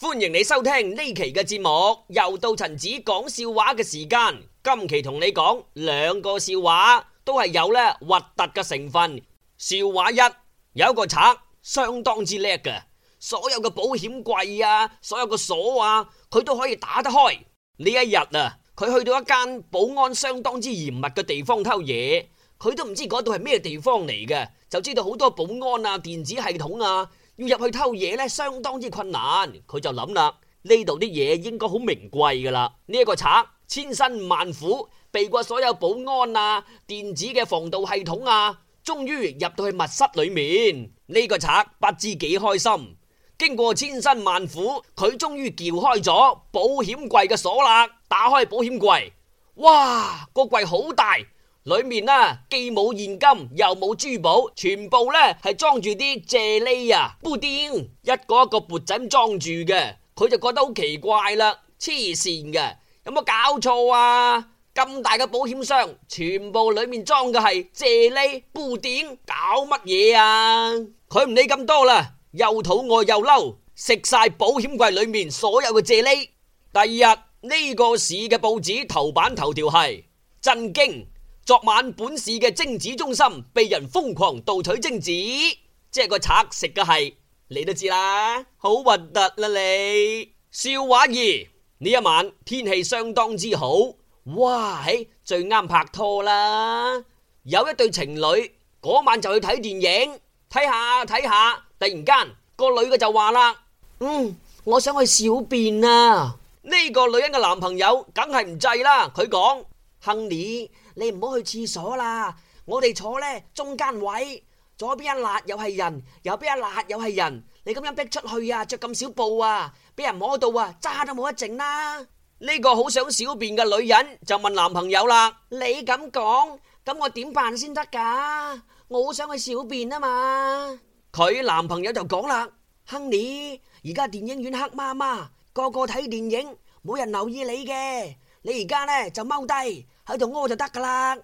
歡迎你收聽呢期嘅節目，又到陳子講笑話嘅時間。今期同你講兩個笑話，都係有咧核突嘅成分。笑話一，有一個賊相當之叻嘅，所有嘅保險櫃啊，所有嘅鎖啊，佢都可以打得開。呢一日啊，佢去到一間保安相當之嚴密嘅地方偷嘢，佢都唔知嗰度係咩地方嚟嘅，就知道好多保安啊、電子系統啊。要入去偷嘢呢，相當之困難。佢就諗啦，呢度啲嘢應該好名貴噶啦。呢一個賊千辛萬苦避過所有保安啊、電子嘅防盜系統啊，終於入到去密室裏面。呢個賊不知幾開心。經過千辛萬苦，佢終於撬開咗保險櫃嘅鎖啦，打開保險櫃，哇，個櫃好大。裏面啊，既冇現金又冇珠寶，全部呢係裝住啲啫喱啊、布丁，一個一個砵仔裝住嘅。佢就覺得好奇怪啦，黐線嘅，有冇搞錯啊？咁大嘅保險箱，全部裏面裝嘅係啫喱布丁，搞乜嘢啊？佢唔理咁多啦，又肚餓又嬲，食晒保險櫃裏面所有嘅啫喱。第二日呢個市嘅報紙頭版頭條係震驚。昨晚本市嘅精子中心被人瘋狂盜取精子，即係個賊食嘅係，你都知啦，好核突啦你！笑話二，呢一晚天氣相當之好，哇，最啱拍拖啦！有一對情侶，嗰晚就去睇電影，睇下睇下，突然間個女嘅就話啦：，嗯，我想去小便啊！呢個女人嘅男朋友梗係唔制啦，佢講。亨利，Honey, 你唔好去廁所啦！我哋坐呢，中間位，左邊一辣又係人，右邊一辣又係人，你咁樣逼出去啊！着咁少布啊，俾人摸到啊，渣都冇得剩啦！呢個好想小便嘅女人就問男朋友啦：，你咁講，咁我點辦先得噶？我好想去小便啊嘛！佢男朋友就講啦：，亨利，而家電影院黑媽媽，個個睇電影，冇人留意你嘅。你而家咧就踎低喺度屙就得噶啦！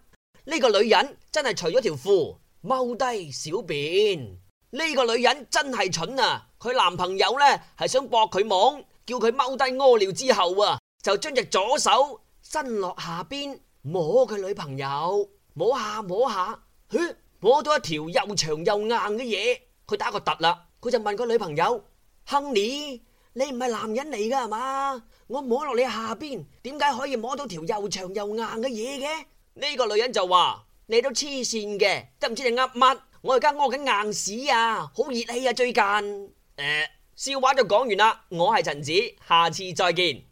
呢個女人真係除咗條褲踎低小便。呢個女人真係蠢啊！佢男朋友呢，係想駁佢網，叫佢踎低屙尿之後啊，就將隻左手伸落下邊摸佢女朋友，摸下摸下，咦，摸到一條又長又硬嘅嘢，佢打個突啦，佢就問佢女朋友：，亨利，你唔係男人嚟噶係嘛？我摸落你下邊，點解可以摸到條又長又硬嘅嘢嘅？呢個女人就話：你都黐線嘅，都唔知你噏乜。我而家屙緊硬屎啊，好熱氣啊！最近誒、呃，笑話就講完啦。我係陳子，下次再見。